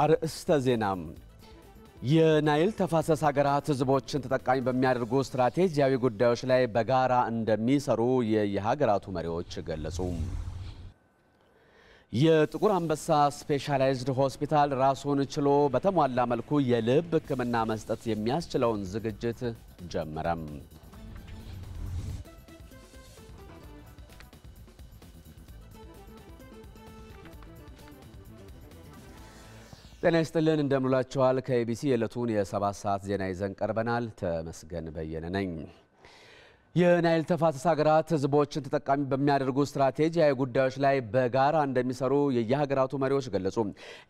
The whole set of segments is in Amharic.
አርእስተ ዜና የናይል ተፋሰስ ሀገራት ህዝቦችን ተጠቃሚ በሚያደርጉ ስትራቴጂያዊ ጉዳዮች ላይ በጋራ እንደሚሰሩ የየሀገራቱ መሪዎች ገለጹ። የጥቁር አንበሳ ስፔሻላይዝድ ሆስፒታል ራሱን ችሎ በተሟላ መልኩ የልብ ሕክምና መስጠት የሚያስችለውን ዝግጅት ጀመረም። ጤና ይስጥልን እንደምንላችኋል። ከኤቢሲ የዕለቱን የሰባት ሰዓት ዜና ይዘን ቀርበናል። ተመስገን በየነ ነኝ። የናይል ተፋሰስ ሀገራት ህዝቦችን ተጠቃሚ በሚያደርጉ ስትራቴጂያዊ ጉዳዮች ላይ በጋራ እንደሚሰሩ የየሀገራቱ መሪዎች ገለጹ።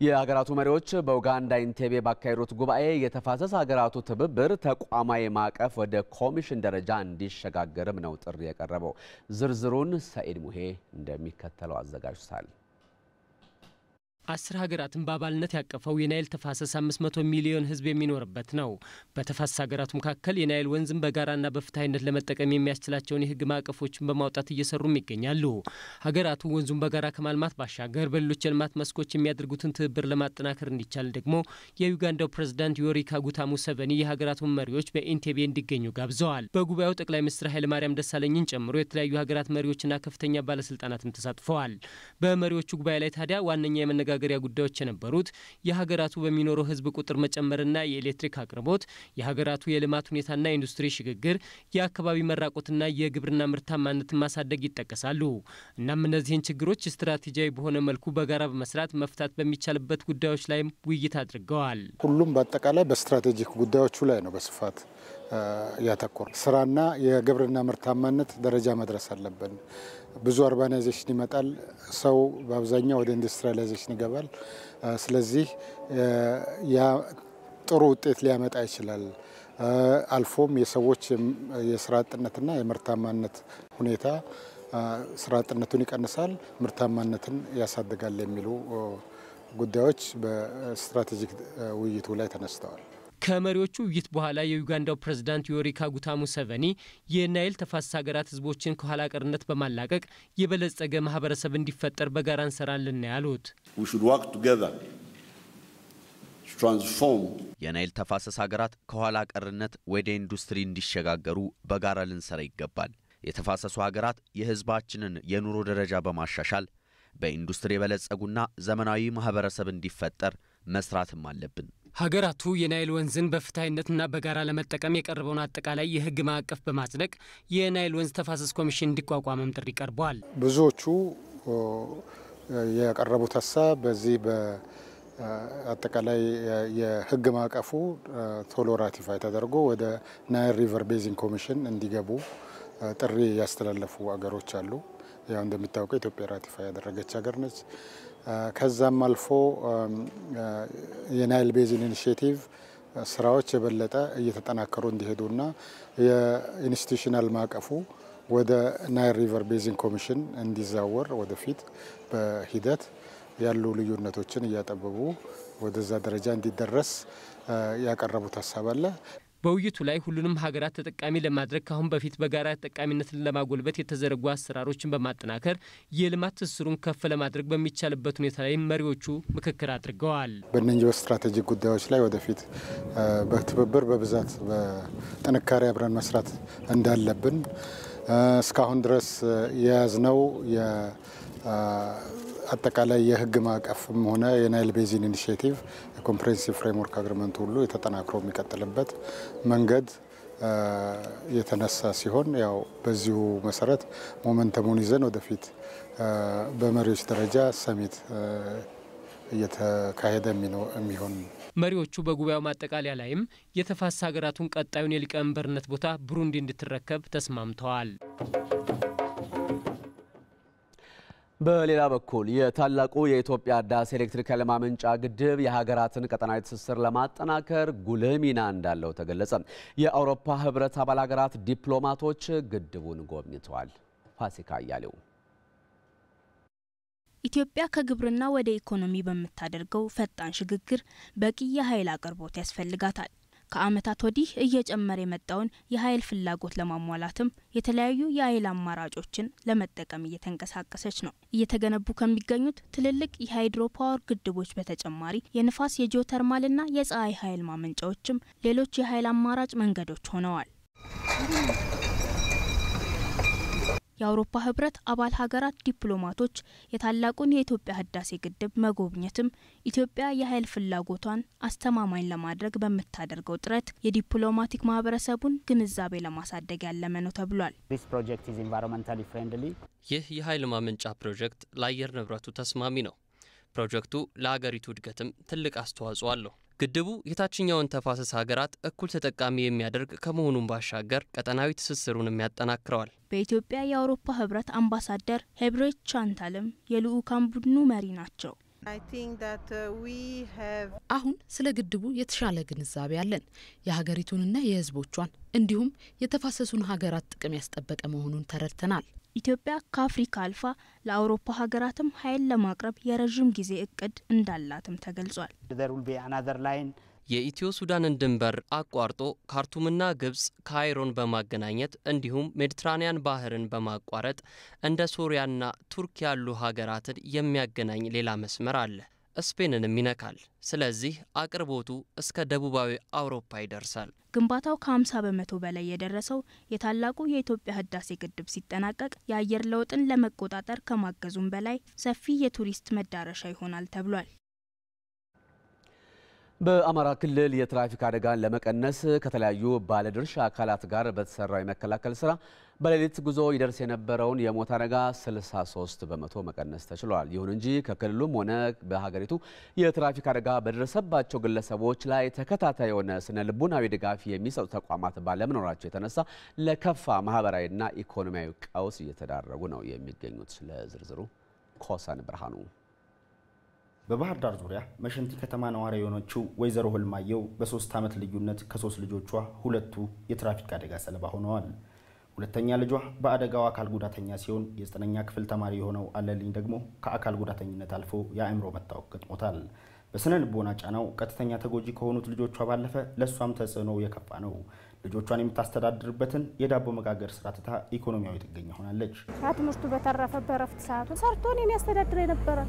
የሀገራቱ መሪዎች በኡጋንዳ ኢንቴቤ ባካሄዱት ጉባኤ የተፋሰስ ሀገራቱ ትብብር ተቋማዊ ማዕቀፍ ወደ ኮሚሽን ደረጃ እንዲሸጋገርም ነው ጥሪ የቀረበው። ዝርዝሩን ሰኢድ ሙሄ እንደሚከተለው አዘጋጅቷል። አስር ሀገራትን በአባልነት ያቀፈው የናይል ተፋሰስ 500 ሚሊዮን ሕዝብ የሚኖርበት ነው። በተፋሰስ ሀገራቱ መካከል የናይል ወንዝን በጋራና በፍትሐዊነት ለመጠቀም የሚያስችላቸውን የሕግ ማዕቀፎችን በማውጣት እየሰሩም ይገኛሉ። ሀገራቱ ወንዙን በጋራ ከማልማት ባሻገር በሌሎች የልማት መስኮች የሚያደርጉትን ትብብር ለማጠናከር እንዲቻል ደግሞ የዩጋንዳው ፕሬዝዳንት ዮዌሪ ካጉታ ሙሴቬኒ የሀገራቱን መሪዎች በኢንቴቤ እንዲገኙ ጋብዘዋል። በጉባኤው ጠቅላይ ሚኒስትር ኃይለማርያም ደሳለኝን ጨምሮ የተለያዩ ሀገራት መሪዎችና ከፍተኛ ባለስልጣናትም ተሳትፈዋል። በመሪዎቹ ጉባኤ ላይ ታዲያ ዋነኛ የመነጋ መነጋገሪያ ጉዳዮች የነበሩት የሀገራቱ በሚኖረው ህዝብ ቁጥር መጨመርና የኤሌክትሪክ አቅርቦት፣ የሀገራቱ የልማት ሁኔታና የኢንዱስትሪ ሽግግር፣ የአካባቢ መራቆትና የግብርና ምርታማነት ማሳደግ ይጠቀሳሉ። እናም እነዚህን ችግሮች ስትራቴጂያዊ በሆነ መልኩ በጋራ በመስራት መፍታት በሚቻልበት ጉዳዮች ላይም ውይይት አድርገዋል። ሁሉም በአጠቃላይ በስትራቴጂክ ጉዳዮቹ ላይ ነው በስፋት ያተኮር ስራና የግብርና ምርታማነት ደረጃ መድረስ አለብን። ብዙ አርባናይዜሽን ይመጣል። ሰው በአብዛኛው ወደ ኢንዱስትሪያላይዜሽን ይገባል። ስለዚህ ያ ጥሩ ውጤት ሊያመጣ ይችላል። አልፎም የሰዎች የስራ አጥነትና የምርታማነት ሁኔታ ስራ አጥነቱን ይቀንሳል፣ ምርታማነትን ያሳድጋል የሚሉ ጉዳዮች በስትራቴጂክ ውይይቱ ላይ ተነስተዋል። ከመሪዎቹ ውይይት በኋላ የዩጋንዳው ፕሬዝዳንት ዮዌሪ ካጉታ ሙሴቬኒ የናይል ተፋሰስ ሀገራት ህዝቦችን ከኋላ ቀርነት በማላቀቅ የበለጸገ ማህበረሰብ እንዲፈጠር በጋራ እንሰራለን ያሉት። የናይል ተፋሰስ ሀገራት ከኋላ ቀርነት ወደ ኢንዱስትሪ እንዲሸጋገሩ በጋራ ልንሰራ ይገባል። የተፋሰሱ ሀገራት የህዝባችንን የኑሮ ደረጃ በማሻሻል በኢንዱስትሪ የበለጸጉና ዘመናዊ ማህበረሰብ እንዲፈጠር መስራትም አለብን። ሀገራቱ የናይል ወንዝን በፍትሐዊነትና በጋራ ለመጠቀም የቀረበውን አጠቃላይ የህግ ማዕቀፍ በማጽደቅ የናይል ወንዝ ተፋሰስ ኮሚሽን እንዲቋቋምም ጥሪ ቀርበዋል። ብዙዎቹ የቀረቡት ሀሳብ በዚህ በአጠቃላይ የህግ ማዕቀፉ ቶሎ ራቲፋይ ተደርጎ ወደ ናይል ሪቨር ቤዚን ኮሚሽን እንዲገቡ ጥሪ ያስተላለፉ ሀገሮች አሉ። ያው እንደሚታወቀው ኢትዮጵያ ራቲፋይ ያደረገች ሀገር ነች። ከዛም አልፎ የናይል ቤዝን ኢኒሽቲቭ ስራዎች የበለጠ እየተጠናከሩ እንዲሄዱና የኢንስቲቱሽናል ማዕቀፉ ወደ ናይል ሪቨር ቤዝን ኮሚሽን እንዲዛወር ወደፊት በሂደት ያሉ ልዩነቶችን እያጠበቡ ወደዛ ደረጃ እንዲደረስ ያቀረቡት ሀሳብ አለ። በውይይቱ ላይ ሁሉንም ሀገራት ተጠቃሚ ለማድረግ ከአሁን በፊት በጋራ ተጠቃሚነትን ለማጎልበት የተዘረጉ አሰራሮችን በማጠናከር የልማት ትስስሩን ከፍ ለማድረግ በሚቻልበት ሁኔታ ላይ መሪዎቹ ምክክር አድርገዋል። በእነኚህ በስትራቴጂክ ጉዳዮች ላይ ወደፊት በትብብር በብዛት በጥንካሬ አብረን መስራት እንዳለብን እስካሁን ድረስ የያዝነው አጠቃላይ የህግ ማዕቀፍም ሆነ የናይል ቤዚን ኢኒሽቲቭ የኮምፕሬንሲቭ ፍሬምወርክ አግሪመንት ሁሉ የተጠናክሮ የሚቀጥልበት መንገድ የተነሳ ሲሆን ያው በዚሁ መሰረት ሞመንተሙን ይዘን ወደፊት በመሪዎች ደረጃ ሰሚት እየተካሄደ የሚሆን መሪዎቹ በጉባኤው ማጠቃለያ ላይም የተፋሰስ ሀገራቱን ቀጣዩን የሊቀመንበርነት ቦታ ብሩንዲ እንድትረከብ ተስማምተዋል። በሌላ በኩል የታላቁ የኢትዮጵያ ህዳሴ ኤሌክትሪክ ኃይል ማመንጫ ግድብ የሀገራትን ቀጠናዊ ትስስር ለማጠናከር ጉልህ ሚና እንዳለው ተገለጸ። የአውሮፓ ህብረት አባል ሀገራት ዲፕሎማቶች ግድቡን ጎብኝተዋል። ፋሲካ እያሌው ኢትዮጵያ ከግብርና ወደ ኢኮኖሚ በምታደርገው ፈጣን ሽግግር በቂ የኃይል አቅርቦት ያስፈልጋታል። ከዓመታት ወዲህ እየጨመረ የመጣውን የኃይል ፍላጎት ለማሟላትም የተለያዩ የኃይል አማራጮችን ለመጠቀም እየተንቀሳቀሰች ነው። እየተገነቡ ከሚገኙት ትልልቅ የሃይድሮ ፓወር ግድቦች በተጨማሪ የንፋስ፣ የጂኦተርማልና የፀሐይ ኃይል ማመንጫዎችም ሌሎች የኃይል አማራጭ መንገዶች ሆነዋል። የአውሮፓ ህብረት አባል ሀገራት ዲፕሎማቶች የታላቁን የኢትዮጵያ ህዳሴ ግድብ መጎብኘትም ኢትዮጵያ የኃይል ፍላጎቷን አስተማማኝ ለማድረግ በምታደርገው ጥረት የዲፕሎማቲክ ማህበረሰቡን ግንዛቤ ለማሳደግ ያለመ ነው ተብሏል። ይህ የኃይል ማመንጫ ፕሮጀክት ለአየር ንብረቱ ተስማሚ ነው ፕሮጀክቱ ለሀገሪቱ እድገትም ትልቅ አስተዋጽኦ አለው። ግድቡ የታችኛውን ተፋሰስ ሀገራት እኩል ተጠቃሚ የሚያደርግ ከመሆኑም ባሻገር ቀጠናዊ ትስስሩንም ያጠናክረዋል። በኢትዮጵያ የአውሮፓ ህብረት አምባሳደር ሄብሬት ቻንታልም የልዑካን ቡድኑ መሪ ናቸው። uh, አሁን ስለ ግድቡ የተሻለ ግንዛቤ አለን። የሀገሪቱንና የህዝቦቿን እንዲሁም የተፋሰሱን ሀገራት ጥቅም ያስጠበቀ መሆኑን ተረድተናል። ኢትዮጵያ ከአፍሪካ አልፋ ለአውሮፓ ሀገራትም ኃይል ለማቅረብ የረዥም ጊዜ እቅድ እንዳላትም ተገልጿል። የኢትዮ ሱዳንን ድንበር አቋርጦ ካርቱምና ግብጽ ካይሮን በማገናኘት እንዲሁም ሜዲትራኒያን ባህርን በማቋረጥ እንደ ሶሪያና ቱርክ ያሉ ሀገራትን የሚያገናኝ ሌላ መስመር አለ። ስፔንንም ይነካል። ስለዚህ አቅርቦቱ እስከ ደቡባዊ አውሮፓ ይደርሳል። ግንባታው ከ50 በመቶ በላይ የደረሰው የታላቁ የኢትዮጵያ ህዳሴ ግድብ ሲጠናቀቅ የአየር ለውጥን ለመቆጣጠር ከማገዙም በላይ ሰፊ የቱሪስት መዳረሻ ይሆናል ተብሏል። በአማራ ክልል የትራፊክ አደጋን ለመቀነስ ከተለያዩ ባለድርሻ አካላት ጋር በተሰራው የመከላከል ስራ በሌሊት ጉዞ ይደርስ የነበረውን የሞት አደጋ 63 በመቶ መቀነስ ተችሏል። ይሁን እንጂ ከክልሉም ሆነ በሀገሪቱ የትራፊክ አደጋ በደረሰባቸው ግለሰቦች ላይ ተከታታይ የሆነ ስነ ልቡናዊ ድጋፍ የሚሰጡ ተቋማት ባለመኖራቸው የተነሳ ለከፋ ማህበራዊና ኢኮኖሚያዊ ቀውስ እየተዳረጉ ነው የሚገኙት። ለዝርዝሩ ኮሰን ብርሃኑ በባህር ዳር ዙሪያ መሸንቲ ከተማ ነዋሪ የሆነችው ወይዘሮ ህልማየው በሶስት ዓመት ልዩነት ከሶስት ልጆቿ ሁለቱ የትራፊክ አደጋ ሰለባ ሆነዋል። ሁለተኛ ልጇ በአደጋው አካል ጉዳተኛ ሲሆን የዘጠነኛ ክፍል ተማሪ የሆነው አለልኝ ደግሞ ከአካል ጉዳተኝነት አልፎ የአእምሮ መታወቅ ገጥሞታል። በስነ ልቦና ጫናው ቀጥተኛ ተጎጂ ከሆኑት ልጆቿ ባለፈ ለእሷም ተጽዕኖ የከፋ ነው። ልጆቿን የምታስተዳድርበትን የዳቦ መጋገር ስራ ትታ ኢኮኖሚያዊ ጥገኛ ሆናለች። ከትምህርቱ በተረፈ በረፍት ሰዓቱ ሰርቶን የሚያስተዳድር የነበረ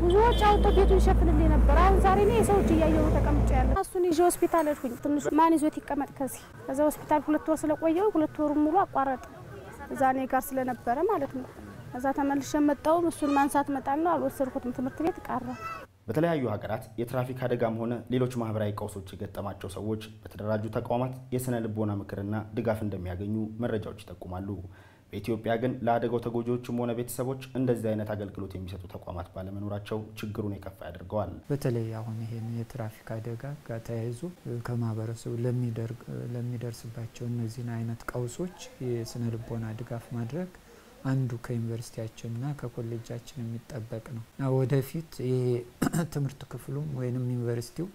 ብዙዎች አውጥቶ ቤቱን ይሸፍንልኝ ነበር። አሁን ዛሬ እኔ የሰዎች እያየሁ ተቀምጬ ያለ እሱን ይዤ ሆስፒታል ሄድኩኝ። ትንሽ ማን ይዞት ይቀመጥ ከዚህ ከዚ ሆስፒታል ሁለት ወር ስለቆየው ሁለት ወሩ ሙሉ አቋረጠ። እዛ እኔ ጋር ስለነበረ ማለት ነው። እዛ ተመልሼ መጣሁ። እሱን ማንሳት መጣል ነው አልወሰድኩትም። ትምህርት ቤት ቀረ። በተለያዩ ሀገራት የትራፊክ አደጋም ሆነ ሌሎች ማህበራዊ ቀውሶች የገጠማቸው ሰዎች በተደራጁ ተቋማት የስነ ልቦና ምክርና ድጋፍ እንደሚያገኙ መረጃዎች ይጠቁማሉ። በኢትዮጵያ ግን ለአደጋው ተጎጂዎችም ሆነ ቤተሰቦች እንደዚህ አይነት አገልግሎት የሚሰጡ ተቋማት ባለመኖራቸው ችግሩን የከፋ ያደርገዋል። በተለይ አሁን ይሄን የትራፊክ አደጋ ጋር ተያይዞ ከማህበረሰቡ ለሚደርስባቸው እነዚህን አይነት ቀውሶች የስነ ልቦና ድጋፍ ማድረግ አንዱ ከዩኒቨርሲቲያችንና ከኮሌጃችን የሚጠበቅ ነው። ወደፊት ይሄ ትምህርት ክፍሉም ወይንም ዩኒቨርሲቲው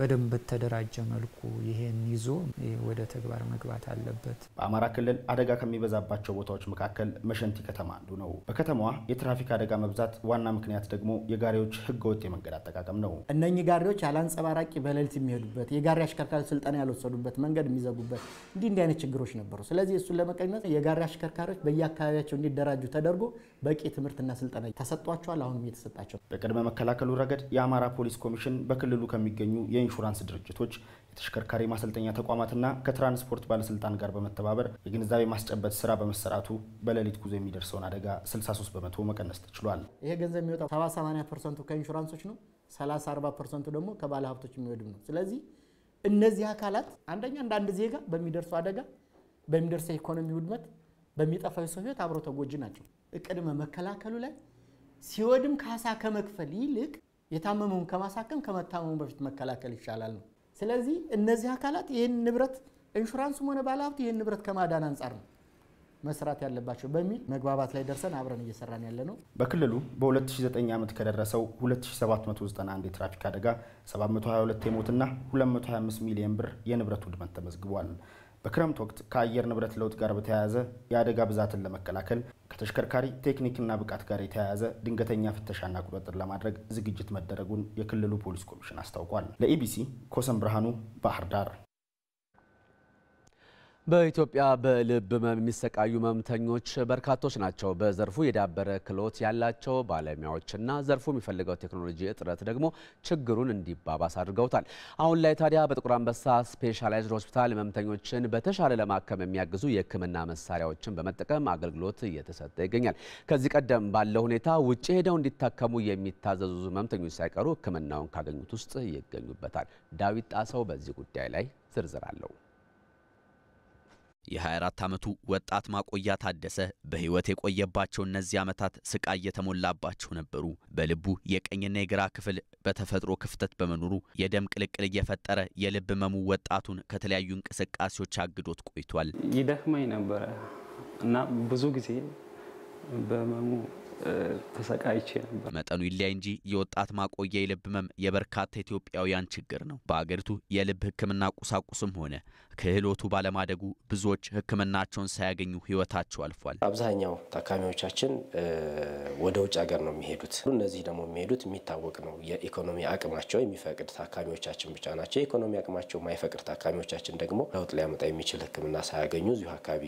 በደንብ በተደራጀ መልኩ ይሄን ይዞ ወደ ተግባር መግባት አለበት። በአማራ ክልል አደጋ ከሚበዛባቸው ቦታዎች መካከል መሸንቲ ከተማ አንዱ ነው። በከተማዋ የትራፊክ አደጋ መብዛት ዋና ምክንያት ደግሞ የጋሪዎች ህገወጥ የመንገድ አጠቃቀም ነው። እነኚህ ጋሪዎች አላንጸባራቂ በሌሊት የሚሄዱበት፣ የጋሪ አሽከርካሪ ስልጠና ያልወሰዱበት፣ መንገድ የሚዘጉበት እንዲህ እንዲህ አይነት ችግሮች ነበሩ። ስለዚህ እሱን ለመቀኘት የጋሪ አሽከርካሪዎች በየአካባቢያቸው እንዲደራጁ ተደርጎ በቂ ትምህርትና ስልጠና ተሰጧቸዋል። አሁንም እየተሰጣቸው በቅድመ መከላከሉ ረገድ የአማራ ፖሊስ ኮሚሽን በክልሉ ከሚገኙ የኢንሹራንስ ድርጅቶች የተሽከርካሪ ማሰልጠኛ ተቋማትና ከትራንስፖርት ባለስልጣን ጋር በመተባበር የግንዛቤ ማስጨበጥ ስራ በመሰራቱ በሌሊት ጉዞ የሚደርሰውን አደጋ 63 በመቶ መቀነስ ተችሏል። ይሄ ገንዘብ የሚወጣው 78 ፐርሰንቱ ከኢንሹራንሶች ነው፣ 30 40 ፐርሰንቱ ደግሞ ከባለ ሀብቶች የሚወድም ነው። ስለዚህ እነዚህ አካላት አንደኛ እንደ አንድ ዜጋ በሚደርሰው አደጋ፣ በሚደርሰ ኢኮኖሚ ውድመት፣ በሚጠፋው ሰው ህይወት አብረው ተጎጂ ናቸው። ቅድመ መከላከሉ ላይ ሲወድም ካሳ ከመክፈል ይልቅ የታመመውን ከማሳከም ከመታመሙ በፊት መከላከል ይሻላል ነው። ስለዚህ እነዚህ አካላት ይህን ንብረት ኢንሹራንሱም ሆነ ባለሀብቱ ይህን ንብረት ከማዳን አንጻር ነው መስራት ያለባቸው በሚል መግባባት ላይ ደርሰን አብረን እየሰራን ያለ ነው። በክልሉ በ2009 ዓመት ከደረሰው 2791 የትራፊክ አደጋ 722 የሞትና 225 ሚሊዮን ብር የንብረት ውድመት ተመዝግቧል። በክረምት ወቅት ከአየር ንብረት ለውጥ ጋር በተያያዘ የአደጋ ብዛትን ለመከላከል ከተሽከርካሪ ቴክኒክና ብቃት ጋር የተያያዘ ድንገተኛ ፍተሻና ቁጥጥር ለማድረግ ዝግጅት መደረጉን የክልሉ ፖሊስ ኮሚሽን አስታውቋል። ለኢቢሲ ኮሰን ብርሃኑ ባህር ዳር በኢትዮጵያ በልብ ህመም የሚሰቃዩ ህመምተኞች በርካቶች ናቸው። በዘርፉ የዳበረ ክህሎት ያላቸው ባለሙያዎችና ዘርፉ የሚፈልገው ቴክኖሎጂ እጥረት ደግሞ ችግሩን እንዲባባስ አድርገውታል። አሁን ላይ ታዲያ በጥቁር አንበሳ ስፔሻላይዝድ ሆስፒታል ህመምተኞችን በተሻለ ለማከም የሚያግዙ የህክምና መሳሪያዎችን በመጠቀም አገልግሎት እየተሰጠ ይገኛል። ከዚህ ቀደም ባለው ሁኔታ ውጭ ሄደው እንዲታከሙ የሚታዘዙ ህመምተኞች ሳይቀሩ ህክምናውን ካገኙት ውስጥ ይገኙበታል። ዳዊት ጣሰው በዚህ ጉዳይ ላይ ዝርዝር አለው። የ24 ዓመቱ ወጣት ማቆያ ታደሰ በሕይወት የቆየባቸው እነዚህ ዓመታት ስቃይ የተሞላባቸው ነበሩ። በልቡ የቀኝና የግራ ክፍል በተፈጥሮ ክፍተት በመኖሩ የደም ቅልቅል እየፈጠረ የልብ ህመሙ ወጣቱን ከተለያዩ እንቅስቃሴዎች አግዶት ቆይቷል። ይደክመኝ ነበረ እና ብዙ ጊዜ በመሙ ተሰቃይቼ ነበር። መጠኑ ይለያይ እንጂ የወጣት ማቆያ የልብ ህመም የበርካታ ኢትዮጵያውያን ችግር ነው። በአገሪቱ የልብ ህክምና ቁሳቁስም ሆነ ክህሎቱ ባለማደጉ ብዙዎች ሕክምናቸውን ሳያገኙ ህይወታቸው አልፏል። አብዛኛው ታካሚዎቻችን ወደ ውጭ ሀገር ነው የሚሄዱት። እነዚህ ደግሞ የሚሄዱት የሚታወቅ ነው። የኢኮኖሚ አቅማቸው የሚፈቅድ ታካሚዎቻችን ብቻ ናቸው። የኢኮኖሚ አቅማቸው ማይፈቅድ ታካሚዎቻችን ደግሞ ለውጥ ሊያመጣ የሚችል ሕክምና ሳያገኙ እዚሁ አካባቢ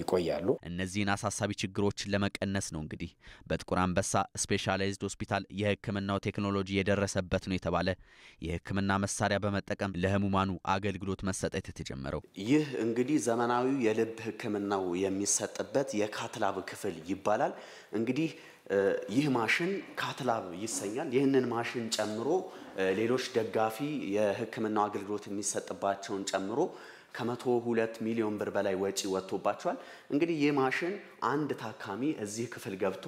ይቆያሉ። እነዚህን አሳሳቢ ችግሮችን ለመቀነስ ነው እንግዲህ በጥቁር አንበሳ ስፔሻላይዝድ ሆስፒታል የህክምናው ቴክኖሎጂ የደረሰበት ነው የተባለ የህክምና መሳሪያ በመጠቀም ለህሙማኑ አገልግሎት መሰጠት የተጀመረ የተጀመረው። ይህ እንግዲህ ዘመናዊው የልብ ሕክምናው የሚሰጥበት የካትላብ ክፍል ይባላል። እንግዲህ ይህ ማሽን ካትላብ ይሰኛል። ይህንን ማሽን ጨምሮ ሌሎች ደጋፊ የህክምናው አገልግሎት የሚሰጥባቸውን ጨምሮ ከመቶ ሁለት ሚሊዮን ብር በላይ ወጪ ወጥቶባቸዋል። እንግዲህ ይህ ማሽን አንድ ታካሚ እዚህ ክፍል ገብቶ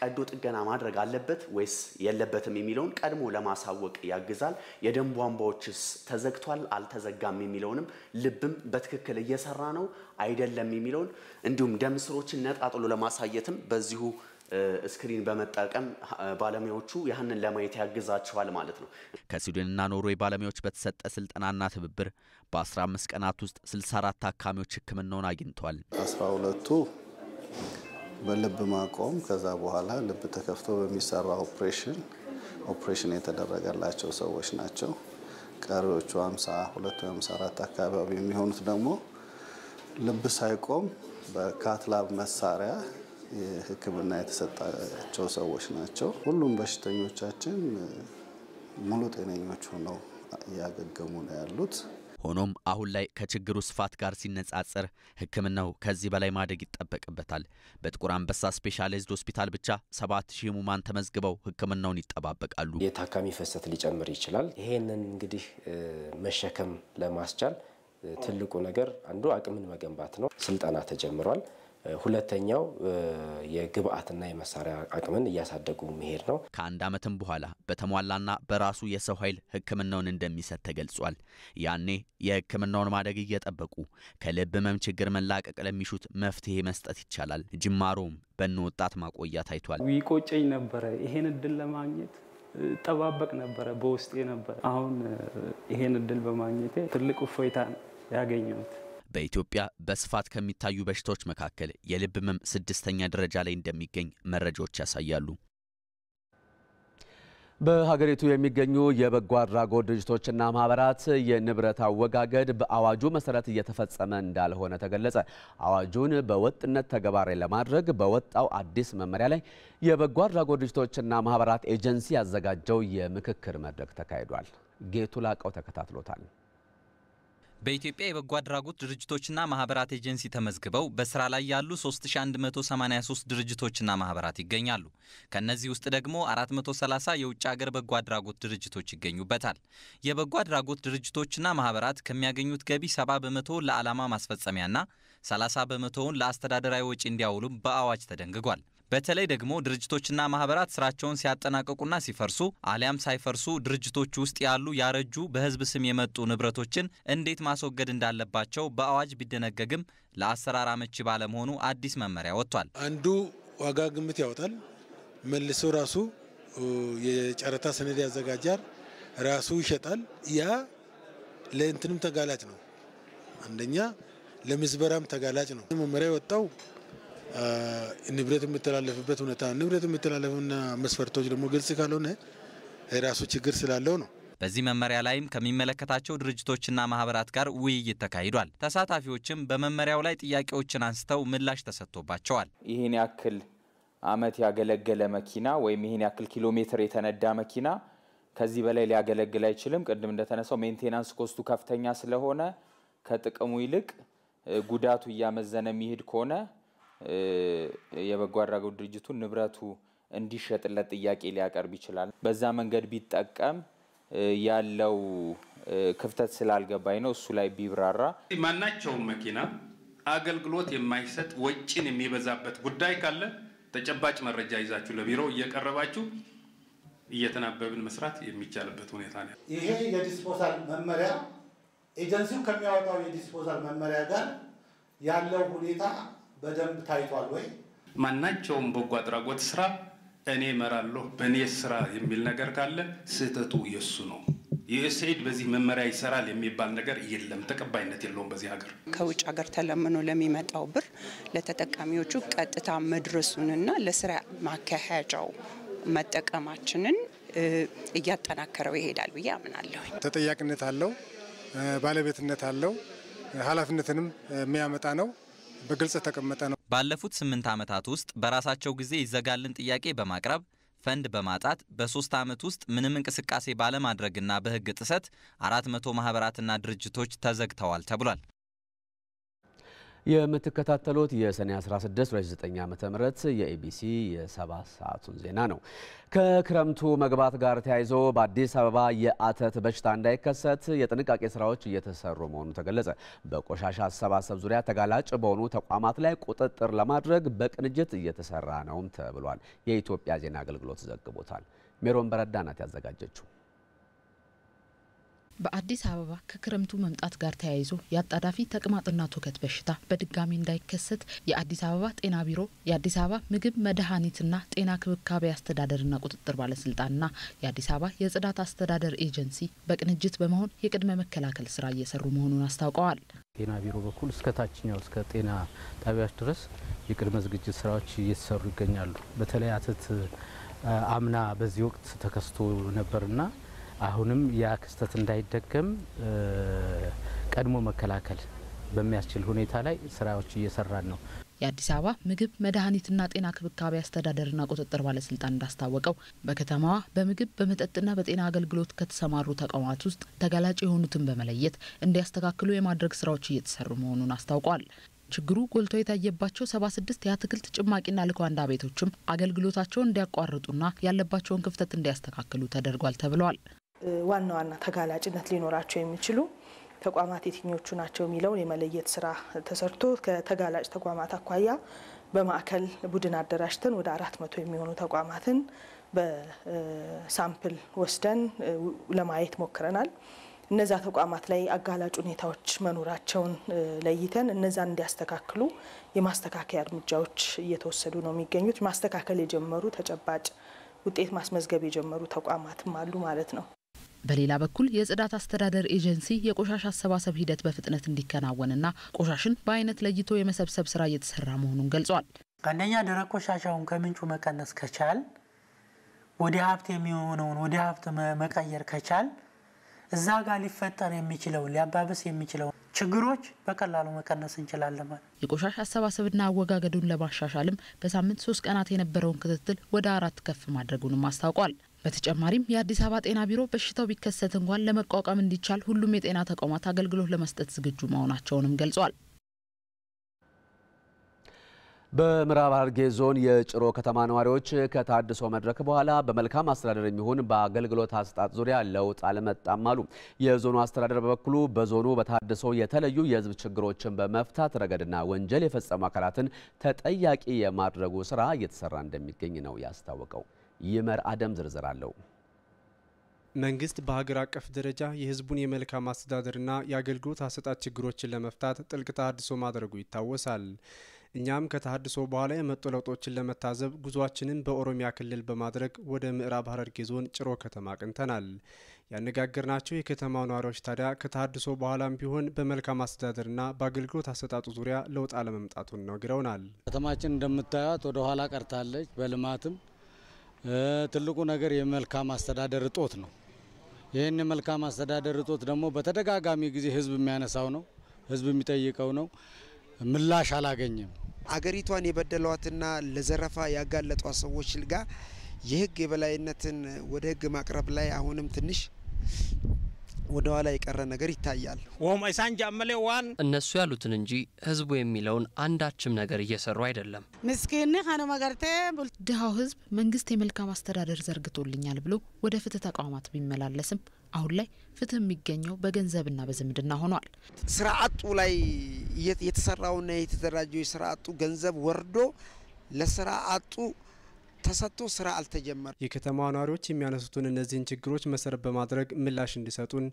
ቀዶ ጥገና ማድረግ አለበት ወይስ የለበትም የሚለውን ቀድሞ ለማሳወቅ ያግዛል። የደም ቧንቧዎችስ ተዘግቷል አልተዘጋም የሚለውንም ልብም በትክክል እየሰራ ነው አይደለም የሚለውን እንዲሁም ደም ስሮችን ነጣጥሎ ለማሳየትም በዚሁ ስክሪን በመጠቀም ባለሙያዎቹ ያህንን ለማየት ያግዛቸዋል ማለት ነው። ከስዊድንና ኖርዌይ ባለሙያዎች በተሰጠ ስልጠናና ትብብር በ15 ቀናት ውስጥ 64 ታካሚዎች ሕክምናውን አግኝተዋል። 12ቱ በልብ ማቆም ከዛ በኋላ ልብ ተከፍቶ በሚሰራ ኦፕሬሽን ኦፕሬሽን የተደረገላቸው ሰዎች ናቸው። ቀሪዎቹ 52 54 አካባቢ የሚሆኑት ደግሞ ልብ ሳይቆም በካትላብ መሳሪያ ሕክምና የተሰጣቸው ሰዎች ናቸው። ሁሉም በሽተኞቻችን ሙሉ ጤነኞች ሆነው እያገገሙ ነው ያሉት። ሆኖም አሁን ላይ ከችግሩ ስፋት ጋር ሲነጻጸር ሕክምናው ከዚህ በላይ ማደግ ይጠበቅበታል። በጥቁር አንበሳ ስፔሻላይዝድ ሆስፒታል ብቻ ሰባት ሺህ ተመዝግበው ሕክምናውን ይጠባበቃሉ። የታካሚ ፍሰት ሊጨምር ይችላል። ይሄንን እንግዲህ መሸከም ለማስቻል ትልቁ ነገር አንዱ አቅምን መገንባት ነው። ስልጠና ተጀምሯል። ሁለተኛው የግብአትና የመሳሪያ አቅምን እያሳደጉ መሄድ ነው። ከአንድ ዓመትም በኋላ በተሟላና በራሱ የሰው ኃይል ሕክምናውን እንደሚሰጥ ተገልጿል። ያኔ የሕክምናውን ማደግ እየጠበቁ ከልብ ህመም ችግር መላቀቅ ለሚሹት መፍትሄ መስጠት ይቻላል። ጅማሮም በእነ ወጣት ማቆያ ታይቷል። ይቆጨኝ ነበረ ይሄን እድል ለማግኘት ጠባበቅ ነበረ በውስጤ ነበረ። አሁን ይሄን እድል በማግኘቴ ትልቅ እፎይታን ያገኘሁት በኢትዮጵያ በስፋት ከሚታዩ በሽታዎች መካከል የልብ ህመም ስድስተኛ ደረጃ ላይ እንደሚገኝ መረጃዎች ያሳያሉ። በሀገሪቱ የሚገኙ የበጎ አድራጎት ድርጅቶችና ማህበራት የንብረት አወጋገድ በአዋጁ መሰረት እየተፈጸመ እንዳልሆነ ተገለጸ። አዋጁን በወጥነት ተግባራዊ ለማድረግ በወጣው አዲስ መመሪያ ላይ የበጎ አድራጎት ድርጅቶችና ማህበራት ኤጀንሲ ያዘጋጀው የምክክር መድረክ ተካሂዷል። ጌቱ ላቀው ተከታትሎታል። በኢትዮጵያ የበጎ አድራጎት ድርጅቶችና ማህበራት ኤጀንሲ ተመዝግበው በስራ ላይ ያሉ 3183 ድርጅቶችና ማህበራት ይገኛሉ። ከእነዚህ ውስጥ ደግሞ 430 የውጭ ሀገር በጎ አድራጎት ድርጅቶች ይገኙበታል። የበጎ አድራጎት ድርጅቶችና ማህበራት ከሚያገኙት ገቢ 70 በመቶ ለዓላማ ማስፈጸሚያና 30 በመቶውን ለአስተዳደራዊ ወጪ እንዲያውሉም በአዋጅ ተደንግጓል። በተለይ ደግሞ ድርጅቶችና ማህበራት ስራቸውን ሲያጠናቀቁና ሲፈርሱ አሊያም ሳይፈርሱ ድርጅቶች ውስጥ ያሉ ያረጁ በህዝብ ስም የመጡ ንብረቶችን እንዴት ማስወገድ እንዳለባቸው በአዋጅ ቢደነገግም ለአሰራር አመቺ ባለመሆኑ አዲስ መመሪያ ወጥቷል። አንዱ ዋጋ ግምት ያወጣል፣ መልሶ ራሱ የጨረታ ሰነድ ያዘጋጃል፣ ራሱ ይሸጣል። ያ ለእንትንም ተጋላጭ ነው። አንደኛ ለምዝበራም ተጋላጭ ነው። መመሪያ የወጣው ንብረት የሚተላለፍበት ሁኔታ ንብረት የሚተላለፍና መስፈርቶች ደግሞ ግልጽ ካልሆነ የራሱ ችግር ስላለው ነው። በዚህ መመሪያ ላይም ከሚመለከታቸው ድርጅቶችና ማህበራት ጋር ውይይት ተካሂዷል። ተሳታፊዎችም በመመሪያው ላይ ጥያቄዎችን አንስተው ምላሽ ተሰጥቶባቸዋል። ይህን ያክል አመት ያገለገለ መኪና ወይም ይህን ያክል ኪሎ ሜትር የተነዳ መኪና ከዚህ በላይ ሊያገለግል አይችልም። ቅድም እንደተነሳው ሜንቴናንስ ኮስቱ ከፍተኛ ስለሆነ ከጥቅሙ ይልቅ ጉዳቱ እያመዘነ የሚሄድ ከሆነ የበጎ አድራጎት ድርጅቱ ንብረቱ እንዲሸጥለት ጥያቄ ሊያቀርብ ይችላል። በዛ መንገድ ቢጠቀም ያለው ክፍተት ስላልገባኝ ነው። እሱ ላይ ቢብራራ። ማናቸውም መኪና አገልግሎት የማይሰጥ ወጪን የሚበዛበት ጉዳይ ካለ ተጨባጭ መረጃ ይዛችሁ ለቢሮ እየቀረባችሁ እየተናበብን መስራት የሚቻልበት ሁኔታ ነው። ይሄ የዲስፖዛል መመሪያ ኤጀንሲው ከሚያወጣው የዲስፖዛል መመሪያ ጋር ያለው ሁኔታ በደንብ ታይቷል ወይ? ማናቸውም በጎ አድራጎት ስራ እኔ እመራለሁ በእኔ ስራ የሚል ነገር ካለ ስህተቱ የሱ ነው። ዩኤስኤድ በዚህ መመሪያ ይሰራል የሚባል ነገር የለም፣ ተቀባይነት የለውም በዚህ ሀገር። ከውጭ ሀገር ተለምኖ ለሚመጣው ብር ለተጠቃሚዎቹ ቀጥታ መድረሱንና ለስራ ማካሄጃው መጠቀማችንን እያጠናከረው ይሄዳል ብዬ አምናለሁ። ተጠያቂነት አለው፣ ባለቤትነት አለው፣ ኃላፊነትንም የሚያመጣ ነው። በግልጽ የተቀመጠ ነው። ባለፉት ስምንት ዓመታት ውስጥ በራሳቸው ጊዜ ይዘጋልን ጥያቄ በማቅረብ ፈንድ በማጣት በሶስት ዓመት ውስጥ ምንም እንቅስቃሴ ባለማድረግና በህግ ጥሰት አራት መቶ ማኅበራትና ድርጅቶች ተዘግተዋል ተብሏል። የምትከታተሉት የሰኔ 16 2009 ም የኤቢሲ የ7 ሰዓቱን ዜና ነው። ከክረምቱ መግባት ጋር ተያይዞ በአዲስ አበባ የአተት በሽታ እንዳይከሰት የጥንቃቄ ስራዎች እየተሰሩ መሆኑ ተገለጸ። በቆሻሻ አሰባሰብ ዙሪያ ተጋላጭ በሆኑ ተቋማት ላይ ቁጥጥር ለማድረግ በቅንጅት እየተሰራ ነውም ተብሏል። የኢትዮጵያ ዜና አገልግሎት ዘግቦታል። ሜሮን በረዳ ናት ያዘጋጀችው። በአዲስ አበባ ከክረምቱ መምጣት ጋር ተያይዞ የአጣዳፊ ተቅማጥና ትውከት በሽታ በድጋሚ እንዳይከሰት የአዲስ አበባ ጤና ቢሮ የአዲስ አበባ ምግብ መድኃኒትና ጤና ክብካቤ አስተዳደርና ቁጥጥር ባለስልጣንና የአዲስ አበባ የጽዳት አስተዳደር ኤጀንሲ በቅንጅት በመሆን የቅድመ መከላከል ስራ እየሰሩ መሆኑን አስታውቀዋል። ጤና ቢሮ በኩል እስከ ታችኛው እስከ ጤና ጣቢያዎች ድረስ የቅድመ ዝግጅት ስራዎች እየተሰሩ ይገኛሉ። በተለይ አተት አምና በዚህ ወቅት ተከስቶ ነበርና አሁንም ያ ክስተት እንዳይደገም ቀድሞ መከላከል በሚያስችል ሁኔታ ላይ ስራዎች እየሰራን ነው። የአዲስ አበባ ምግብ መድኃኒትና ጤና ክብካቤ አስተዳደርና ቁጥጥር ባለስልጣን እንዳስታወቀው በከተማዋ በምግብ በመጠጥና በጤና አገልግሎት ከተሰማሩ ተቋማት ውስጥ ተጋላጭ የሆኑትን በመለየት እንዲያስተካክሉ የማድረግ ስራዎች እየተሰሩ መሆኑን አስታውቋል። ችግሩ ጎልቶ የታየባቸው 76 የአትክልት ጭማቂና ልኳንዳ ቤቶችም አገልግሎታቸውን እንዲያቋርጡና ያለባቸውን ክፍተት እንዲያስተካክሉ ተደርጓል ተብለዋል። ዋና ዋና ተጋላጭነት ሊኖራቸው የሚችሉ ተቋማት የትኞቹ ናቸው የሚለውን የመለየት ስራ ተሰርቶ ከተጋላጭ ተቋማት አኳያ በማዕከል ቡድን አደራጅተን ወደ አራት መቶ የሚሆኑ ተቋማትን በሳምፕል ወስደን ለማየት ሞክረናል። እነዛ ተቋማት ላይ አጋላጭ ሁኔታዎች መኖራቸውን ለይተን እነዛን እንዲያስተካክሉ የማስተካከያ እርምጃዎች እየተወሰዱ ነው የሚገኙት። ማስተካከል የጀመሩ ተጨባጭ ውጤት ማስመዝገብ የጀመሩ ተቋማትም አሉ ማለት ነው። በሌላ በኩል የጽዳት አስተዳደር ኤጀንሲ የቆሻሻ አሰባሰብ ሂደት በፍጥነት እንዲከናወንና ቆሻሽን በአይነት ለይቶ የመሰብሰብ ስራ እየተሰራ መሆኑን ገልጿል። አንደኛ ደረቅ ቆሻሻውን ከምንጩ መቀነስ ከቻል ወደ ሀብት የሚሆነውን ወደ ሀብት መቀየር ከቻል እዛ ጋር ሊፈጠር የሚችለውን ሊያባብስ የሚችለው ችግሮች በቀላሉ መቀነስ እንችላለን። የቆሻሽ አሰባሰብና አወጋገዱን ለማሻሻልም በሳምንት ሶስት ቀናት የነበረውን ክትትል ወደ አራት ከፍ ማድረጉንም አስታውቋል። በተጨማሪም የአዲስ አበባ ጤና ቢሮ በሽታው ቢከሰት እንኳን ለመቋቋም እንዲቻል ሁሉም የጤና ተቋማት አገልግሎት ለመስጠት ዝግጁ መሆናቸውንም ገልጿል። በምዕራብ ሐረርጌ ዞን የጭሮ ከተማ ነዋሪዎች ከታድሶ መድረክ በኋላ በመልካም አስተዳደር የሚሆን በአገልግሎት አሰጣጥ ዙሪያ ለውጥ አልመጣም አሉ። የዞኑ አስተዳደር በበኩሉ በዞኑ በታድሶ የተለዩ የሕዝብ ችግሮችን በመፍታት ረገድና ወንጀል የፈጸሙ አካላትን ተጠያቂ የማድረጉ ስራ እየተሰራ እንደሚገኝ ነው ያስታወቀው። ይመር አደም ዝርዝር አለው። መንግስት በሀገር አቀፍ ደረጃ የህዝቡን የመልካም አስተዳደርና የአገልግሎት አሰጣጥ ችግሮችን ለመፍታት ጥልቅ ተሀድሶ ማድረጉ ይታወሳል። እኛም ከተሀድሶ በኋላ የመጡ ለውጦችን ለመታዘብ ጉዟችንን በኦሮሚያ ክልል በማድረግ ወደ ምዕራብ ሐረርጌ ዞን ጭሮ ከተማ አቅንተናል። ያነጋገርናቸው የከተማው ነዋሪዎች ታዲያ ከተሀድሶ በኋላም ቢሆን በመልካም አስተዳደርና በአገልግሎት አሰጣጡ ዙሪያ ለውጥ አለመምጣቱን ነግረውናል። ከተማችን እንደምታዩት ወደ ኋላ ቀርታለች በልማትም ትልቁ ነገር የመልካም አስተዳደር እጦት ነው። ይህን የመልካም አስተዳደር እጦት ደግሞ በተደጋጋሚ ጊዜ ህዝብ የሚያነሳው ነው፣ ህዝብ የሚጠይቀው ነው። ምላሽ አላገኘም። አገሪቷን የበደሏትና ለዘረፋ ያጋለጧት ሰዎች ልጋ የህግ የበላይነትን ወደ ህግ ማቅረብ ላይ አሁንም ትንሽ ወደ ኋላ የቀረ ነገር ይታያል። ወመይሳን ጃመሌ ዋን እነሱ ያሉትን እንጂ ህዝቡ የሚለውን አንዳችም ነገር እየሰሩ አይደለም። ምስኪን ሀኖ መገርቴ ድሀው ህዝብ መንግስት የመልካም አስተዳደር ዘርግቶልኛል ብሎ ወደ ፍትህ ተቋማት ቢመላለስም አሁን ላይ ፍትህ የሚገኘው በገንዘብና በዝምድና ሆኗል። ስራ አጡ ላይ የተሰራውና የተደራጀው የስራ አጡ ገንዘብ ወርዶ ለስራ አጡ ተሰጥቶ ስራ አልተጀመረ። የከተማ ነዋሪዎች የሚያነሱትን እነዚህን ችግሮች መሰረት በማድረግ ምላሽ እንዲሰጡን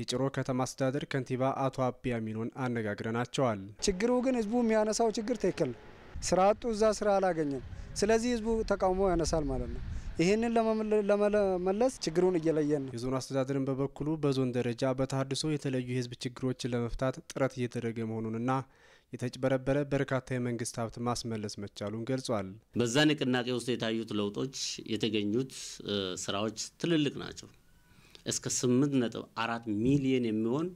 የጭሮ ከተማ አስተዳደር ከንቲባ አቶ አቢ አሚኖን አነጋግረናቸዋል። ችግሩ ግን ህዝቡ የሚያነሳው ችግር ትክክል ስራ አጡ እዛ ስራ አላገኘም። ስለዚህ ህዝቡ ተቃውሞ ያነሳል ማለት ነው። ይህንን ለመመለስ ችግሩን እየለየን ነው። የዞን አስተዳደርን በበኩሉ በዞን ደረጃ በተሃድሶ የተለዩ የህዝብ ችግሮችን ለመፍታት ጥረት እየተደረገ መሆኑንና የተጭበረበረ በርካታ የመንግስት ሀብት ማስመለስ መቻሉን ገልጿል። በዛ ንቅናቄ ውስጥ የታዩት ለውጦች፣ የተገኙት ስራዎች ትልልቅ ናቸው። እስከ 8.4 ሚሊዮን የሚሆን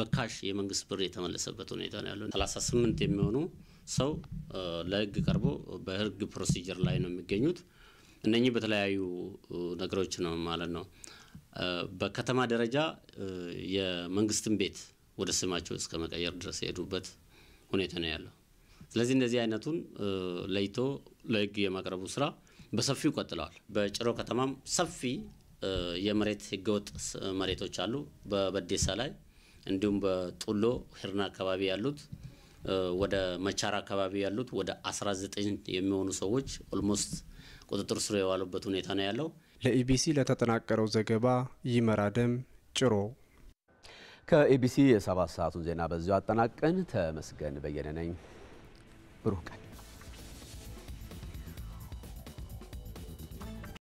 በካሽ የመንግስት ብር የተመለሰበት ሁኔታ ነው ያለው። 38 የሚሆኑ ሰው ለህግ ቀርቦ በህግ ፕሮሲጀር ላይ ነው የሚገኙት። እነኚህ በተለያዩ ነገሮች ነው ማለት ነው። በከተማ ደረጃ የመንግስትን ቤት ወደ ስማቸው እስከ መቀየር ድረስ የሄዱበት ሁኔታ ነው ያለው። ስለዚህ እንደዚህ አይነቱን ለይቶ ለህግ የማቅረቡ ስራ በሰፊው ቀጥለዋል። በጭሮ ከተማም ሰፊ የመሬት ህገወጥ መሬቶች አሉ። በበዴሳ ላይ እንዲሁም በጡሎ ሂርና አካባቢ ያሉት ወደ መቻራ አካባቢ ያሉት ወደ 19 የሚሆኑ ሰዎች ኦልሞስት ቁጥጥር ስሩ የዋሉበት ሁኔታ ነው ያለው። ለኢቢሲ ለተጠናቀረው ዘገባ ይመራ ደም ጭሮ ከኤቢሲ የሰባት ሰዓቱን ዜና በዚሁ አጠናቀን ተመስገን በየነ ነኝ። ብሩህ ቀን